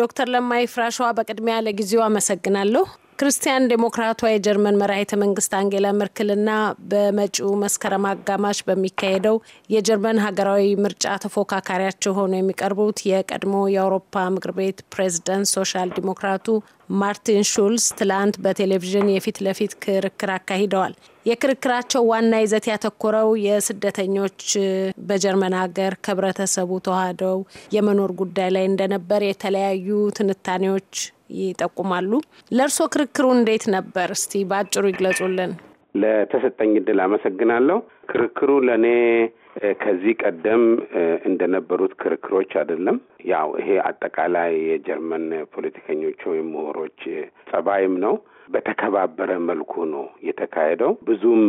ዶክተር ለማይ ፍራሸዋ በቅድሚያ ለጊዜው አመሰግናለሁ። ክርስቲያን ዴሞክራቷ የጀርመን መራሄተ መንግስት አንጌላ መርክልና በመጪው መስከረም አጋማሽ በሚካሄደው የጀርመን ሀገራዊ ምርጫ ተፎካካሪያቸው ሆኖ የሚቀርቡት የቀድሞ የአውሮፓ ምክር ቤት ፕሬዝደንት ሶሻል ዲሞክራቱ ማርቲን ሹልስ ትላንት በቴሌቪዥን የፊት ለፊት ክርክር አካሂደዋል። የክርክራቸው ዋና ይዘት ያተኮረው የስደተኞች በጀርመን ሀገር ከህብረተሰቡ ተዋህደው የመኖር ጉዳይ ላይ እንደነበር የተለያዩ ትንታኔዎች ይጠቁማሉ። ለእርስዎ ክርክሩ እንዴት ነበር? እስቲ በአጭሩ ይግለጹልን። ለተሰጠኝ እድል አመሰግናለሁ። ክርክሩ ለእኔ ከዚህ ቀደም እንደነበሩት ክርክሮች አይደለም። ያው ይሄ አጠቃላይ የጀርመን ፖለቲከኞች ወይም ምሁሮች ጸባይም ነው። በተከባበረ መልኩ ነው የተካሄደው። ብዙም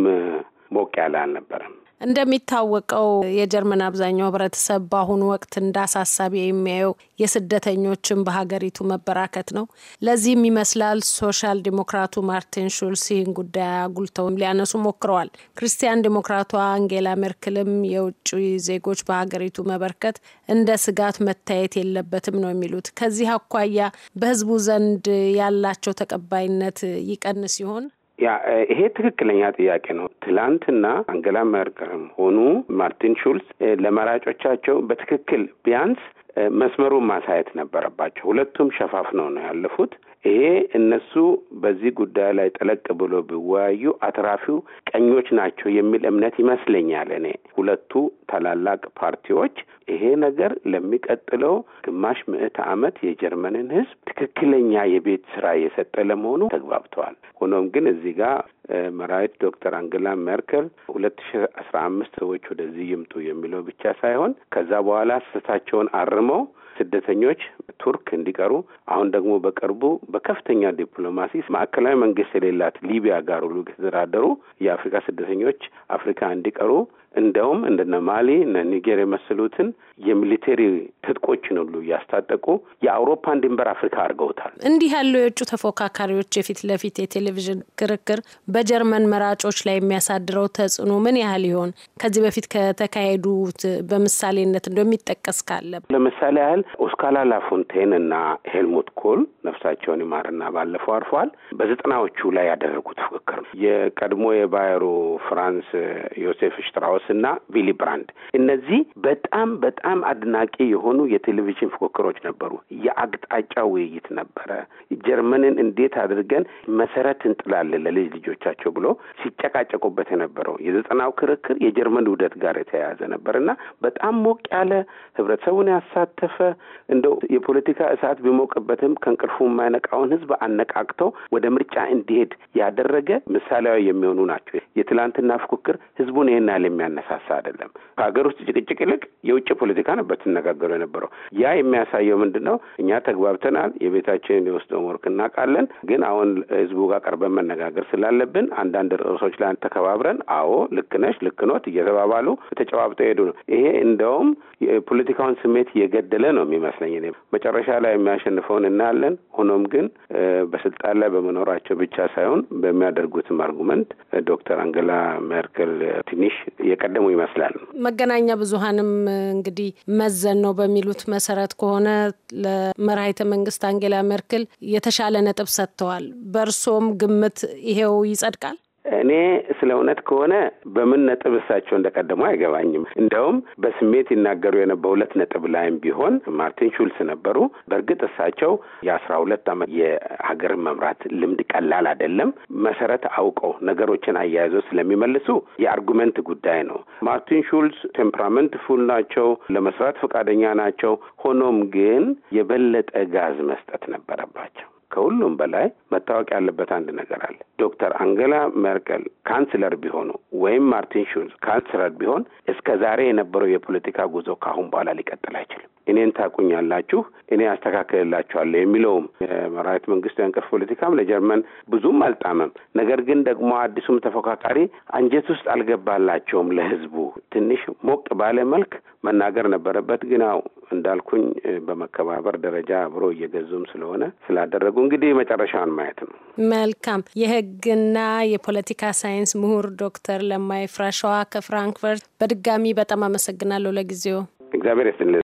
ሞቅ ያለ አልነበረም። እንደሚታወቀው የጀርመን አብዛኛው ህብረተሰብ በአሁኑ ወቅት እንዳሳሳቢ የሚያየው የስደተኞችን በሀገሪቱ መበራከት ነው። ለዚህም ይመስላል ሶሻል ዲሞክራቱ ማርቲን ሹልስ ይህን ጉዳይ አጉልተው ሊያነሱ ሞክረዋል። ክርስቲያን ዲሞክራቷ አንጌላ ሜርክልም የውጭ ዜጎች በሀገሪቱ መበርከት እንደ ስጋት መታየት የለበትም ነው የሚሉት። ከዚህ አኳያ በህዝቡ ዘንድ ያላቸው ተቀባይነት ይቀንስ ይሆን? ያ ይሄ ትክክለኛ ጥያቄ ነው። ትላንትና አንገላ መርከልም ሆኑ ማርቲን ሹልስ ለመራጮቻቸው በትክክል ቢያንስ መስመሩን ማሳየት ነበረባቸው። ሁለቱም ሸፋፍነው ነው ያለፉት። ይሄ እነሱ በዚህ ጉዳይ ላይ ጠለቅ ብሎ ቢወያዩ አትራፊው ቀኞች ናቸው የሚል እምነት ይመስለኛል። እኔ ሁለቱ ታላላቅ ፓርቲዎች ይሄ ነገር ለሚቀጥለው ግማሽ ምዕት ዓመት የጀርመንን ሕዝብ ትክክለኛ የቤት ስራ የሰጠ ለመሆኑ ተግባብተዋል። ሆኖም ግን እዚህ ጋር መራዊት ዶክተር አንግላ ሜርከል ሁለት ሺ አስራ አምስት ሰዎች ወደዚህ ይምጡ የሚለው ብቻ ሳይሆን ከዛ በኋላ ስህተታቸውን አርመው ስደተኞች ቱርክ እንዲቀሩ አሁን ደግሞ በቅርቡ በከፍተኛ ዲፕሎማሲ ማዕከላዊ መንግስት የሌላት ሊቢያ ጋር ሁሉ የተደራደሩ የአፍሪካ ስደተኞች አፍሪካ እንዲቀሩ እንደውም እንደነ ማሊ እነ ኒጌር የመሰሉትን የሚሊቴሪ ትጥቆችን ሁሉ እያስታጠቁ የአውሮፓን ድንበር አፍሪካ አድርገውታል። እንዲህ ያሉ የውጭ ተፎካካሪዎች የፊት ለፊት የቴሌቪዥን ክርክር በጀርመን መራጮች ላይ የሚያሳድረው ተጽዕኖ ምን ያህል ይሆን? ከዚህ በፊት ከተካሄዱት በምሳሌነት እንደሚጠቀስ ካለ ለምሳሌ ያህል ኦስካላ ፎንቴን እና ሄልሙት ኮል ነፍሳቸውን ይማርና ባለፈው አርፈዋል በዘጠናዎቹ ላይ ያደረጉት ፉክክር ነው። የቀድሞ የባየሩ ፍራንስ ዮሴፍ ሽትራውስ እና ቪሊ ብራንድ እነዚህ በጣም በጣም አድናቂ የሆኑ የቴሌቪዥን ፉክክሮች ነበሩ። የአቅጣጫ ውይይት ነበረ። ጀርመንን እንዴት አድርገን መሰረት እንጥላለን ለልጅ ልጆቻቸው ብሎ ሲጨቃጨቁበት የነበረው የዘጠናው ክርክር የጀርመን ውህደት ጋር የተያያዘ ነበር እና በጣም ሞቅ ያለ ህብረተሰቡን ያሳተፈ እንደው የፖለቲካ እሳት ቢሞቅበትም ከእንቅልፉ የማይነቃውን ህዝብ አነቃቅተው ወደ ምርጫ እንዲሄድ ያደረገ ምሳሌያዊ የሚሆኑ ናቸው። የትላንትና ፉክክር ህዝቡን ይህን ያህል የሚያነሳሳ አይደለም። ከሀገር ውስጥ ጭቅጭቅ ይልቅ የውጭ ፖለቲካ ነበር ትነጋገሩ የነበረው። ያ የሚያሳየው ምንድን ነው? እኛ ተግባብተናል። የቤታችንን የውስጥ ሞርክ እናውቃለን። ግን አሁን ህዝቡ ጋር ቀርበን መነጋገር ስላለብን አንዳንድ ርዕሶች ላይ ተከባብረን፣ አዎ ልክ ነሽ፣ ልክ ኖት እየተባባሉ ተጨባብጠው ሄዱ ነው። ይሄ እንደውም የፖለቲካውን ስሜት እየገደለ ነው የሚመስለኝ። መጨረሻ ላይ የሚያሸንፈውን እናያለን። ሆኖም ግን በስልጣን ላይ በመኖራቸው ብቻ ሳይሆን በሚያደርጉትም አርጉመንት ዶክተር አንገላ ሜርከል ትንሽ የቀደሙ ይመስላል። መገናኛ ብዙሀንም እንግዲህ መዘን ነው በሚሉት መሰረት ከሆነ ለመራሂተ መንግስት አንጌላ ሜርክል የተሻለ ነጥብ ሰጥተዋል። በእርሶም ግምት ይሄው ይጸድቃል? እኔ ስለ እውነት ከሆነ በምን ነጥብ እሳቸው እንደቀደሙ አይገባኝም። እንደውም በስሜት ይናገሩ የነበረ ሁለት ነጥብ ላይም ቢሆን ማርቲን ሹልስ ነበሩ። በእርግጥ እሳቸው የአስራ ሁለት አመት የሀገር መምራት ልምድ ቀላል አይደለም። መሰረት አውቀው ነገሮችን አያይዞ ስለሚመልሱ የአርጉመንት ጉዳይ ነው። ማርቲን ሹልስ ቴምፕራመንት ፉል ናቸው፣ ለመስራት ፈቃደኛ ናቸው። ሆኖም ግን የበለጠ ጋዝ መስጠት ነበረባቸው። ከሁሉም በላይ መታወቅ ያለበት አንድ ነገር አለ። ዶክተር አንገላ ሜርከል ካንስለር ቢሆኑ ወይም ማርቲን ሹልዝ ካንስለር ቢሆን እስከ ዛሬ የነበረው የፖለቲካ ጉዞ ከአሁን በኋላ ሊቀጥል አይችልም። እኔን ታቁኛላችሁ፣ እኔ አስተካክልላችኋለሁ የሚለውም የመራዊት መንግስቱ የእንቅርት ፖለቲካም ለጀርመን ብዙም አልጣመም። ነገር ግን ደግሞ አዲሱም ተፎካካሪ አንጀት ውስጥ አልገባላቸውም። ለህዝቡ ትንሽ ሞቅ ባለ መልክ መናገር ነበረበት። ግን ያው እንዳልኩኝ በመከባበር ደረጃ አብሮ እየገዙም ስለሆነ ስላደረጉ እንግዲህ መጨረሻውን ማየት ነው። መልካም። የህግና የፖለቲካ ሳይንስ ምሁር ዶክተር ለማይ ፍራሸዋ ከፍራንክፈርት በድጋሚ በጣም አመሰግናለሁ። ለጊዜው እግዚአብሔር ይስጥልኝ።